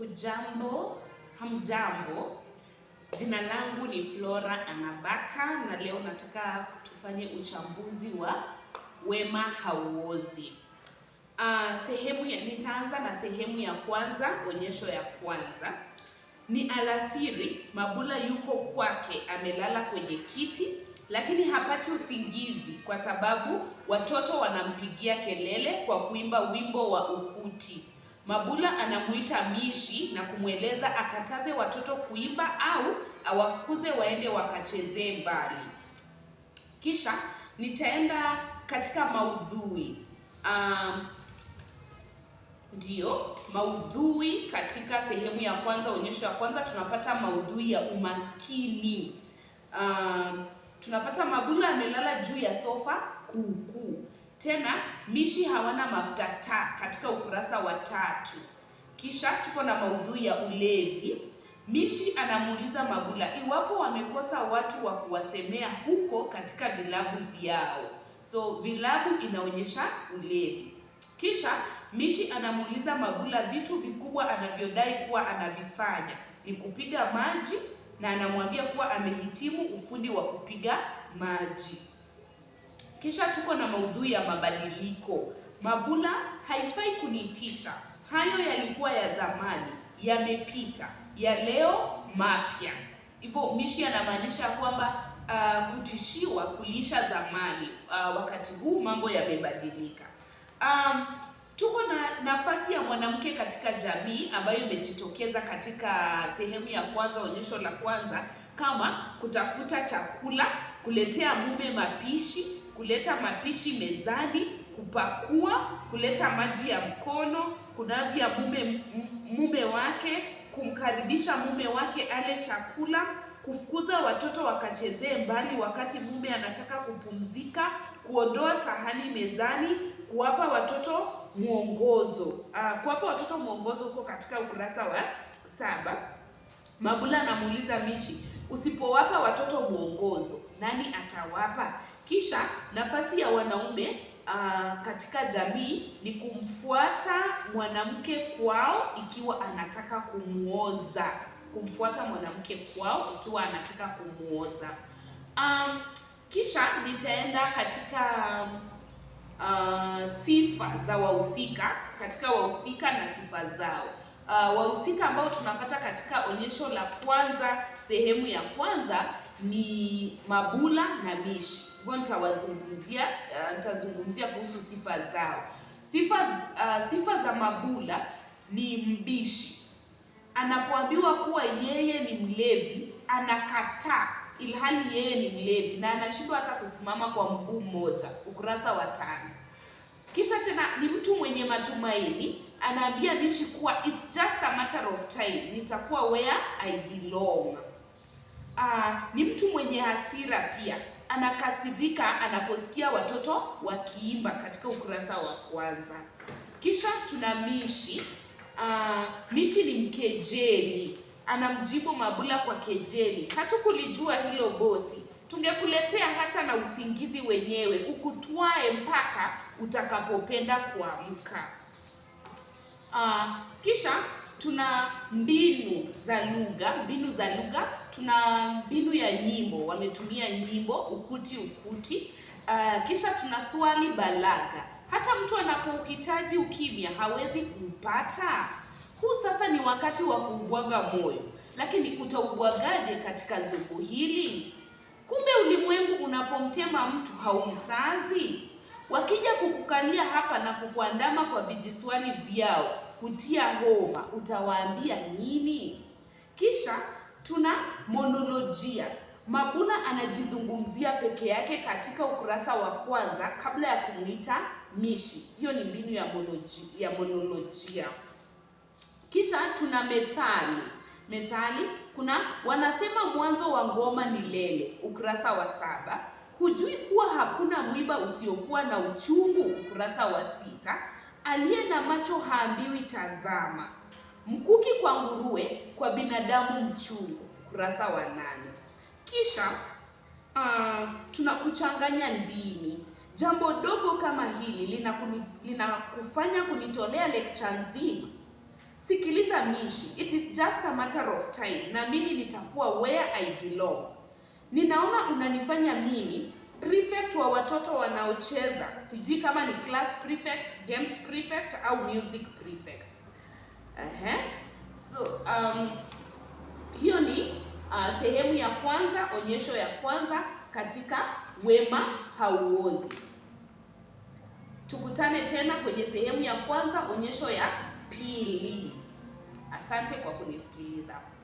Hujambo, hamjambo. Jina langu ni Flora Anabaka na leo nataka tufanye uchambuzi wa wema hauozi. Uh, sehemu ya nitaanza na sehemu ya kwanza, onyesho ya kwanza. Ni alasiri, Mabula yuko kwake amelala kwenye kiti lakini hapati usingizi kwa sababu watoto wanampigia kelele kwa kuimba wimbo wa ukuti. Mabula anamuita Mishi na kumweleza akataze watoto kuimba au awafukuze waende wakachezee mbali. Kisha nitaenda katika maudhui um, ndiyo maudhui. Katika sehemu ya kwanza, onyesho ya kwanza, tunapata maudhui ya umaskini. Um, tunapata Mabula amelala juu ya sofa kuukuu tena Mishi hawana mafuta ta katika ukurasa wa tatu. Kisha tuko na maudhui ya ulevi. Mishi anamuuliza Mabula iwapo wamekosa watu wa kuwasemea huko katika vilabu vyao. So vilabu inaonyesha ulevi. Kisha Mishi anamuuliza Mabula vitu vikubwa anavyodai kuwa anavifanya ni kupiga maji, na anamwambia kuwa amehitimu ufundi wa kupiga maji. Kisha tuko na maudhui ya mabadiliko. Mabula haifai kunitisha, hayo yalikuwa ya zamani, yamepita, ya leo mapya. Hivyo Mishi anamaanisha kwamba uh, kutishiwa kuliisha zamani. Uh, wakati huu mambo yamebadilika. Um, tuko na nafasi ya mwanamke katika jamii ambayo imejitokeza katika sehemu ya kwanza, onyesho la kwanza, kama kutafuta chakula, kuletea mume mapishi kuleta mapishi mezani, kupakua, kuleta maji ya mkono, kunavya mume mume wake, kumkaribisha mume wake ale chakula, kufukuza watoto wakachezee mbali wakati mume anataka kupumzika, kuondoa sahani mezani, kuwapa watoto mwongozo. Uh, kuwapa watoto mwongozo huko katika ukurasa wa saba. Mabula anamuuliza Mishi, usipowapa watoto mwongozo nani atawapa? Kisha nafasi ya wanaume uh, katika jamii ni kumfuata mwanamke kwao ikiwa anataka kumuoza, kumfuata mwanamke kwao ikiwa anataka kumuoza. Um, kisha nitaenda katika uh, sifa za wahusika, katika wahusika na sifa zao uh, wahusika ambao tunapata katika onyesho la kwanza sehemu ya kwanza ni Mabula na mishi Hivyo nitawazungumzia uh, nitazungumzia kuhusu sifa zao. Sifa uh, sifa za Mabula ni mbishi. Anapoambiwa kuwa yeye ni mlevi, anakataa ilhali yeye ni mlevi na anashindwa hata kusimama kwa mguu mmoja. Ukurasa wa tano. Kisha tena ni mtu mwenye matumaini anaambia Bishi kuwa it's just a matter of time, nitakuwa where I belong. Uh, ni mtu mwenye hasira pia, anakasirika anaposikia watoto wakiimba katika ukurasa wa kwanza. Kisha tuna Mishi. Uh, Mishi ni mkejeli, anamjibu Mabula kwa kejeli. Hatukulijua hilo bosi, tungekuletea hata na usingizi wenyewe ukutwae mpaka utakapopenda kuamka. Uh, kisha tuna mbinu za lugha, mbinu za lugha. Tuna mbinu ya nyimbo, wametumia nyimbo ukuti ukuti. Uh, kisha tuna swali balagha. Hata mtu anapohitaji ukimya hawezi kupata. Huu sasa ni wakati wa kuugwaga moyo, lakini utaubwagaje katika zuku hili? Kumbe ulimwengu unapomtema mtu haumsazi. Wakija kukukalia hapa na kukuandama kwa vijiswani vyao kutia homa, utawaambia nini? Kisha tuna monolojia. mabuna anajizungumzia peke yake katika ukurasa wa kwanza kabla ya kumuita Mishi. Hiyo ni mbinu ya monoloji, ya monolojia. Kisha tuna methali. Methali kuna wanasema mwanzo wa ngoma ni lele, ukurasa wa saba Hujui kuwa hakuna mwiba usiokuwa na uchungu? Ukurasa wa sita. Aliye na macho haambiwi tazama. Mkuki kwa nguruwe, kwa binadamu mchungu. Ukurasa wa nane. Kisha uh, tunakuchanganya ndimi. Jambo dogo kama hili linakufanya lina kunitolea lecture nzima. Sikiliza Mishi, it is just a matter of time, na mimi nitakuwa where I belong. Ninaona unanifanya mimi prefect wa watoto wanaocheza, sijui kama ni class prefect, games prefect au music prefect. -huh. So um, hiyo ni uh, sehemu ya kwanza, onyesho ya kwanza katika wema hauozi. Tukutane tena kwenye sehemu ya kwanza, onyesho ya pili. Asante kwa kunisikiliza.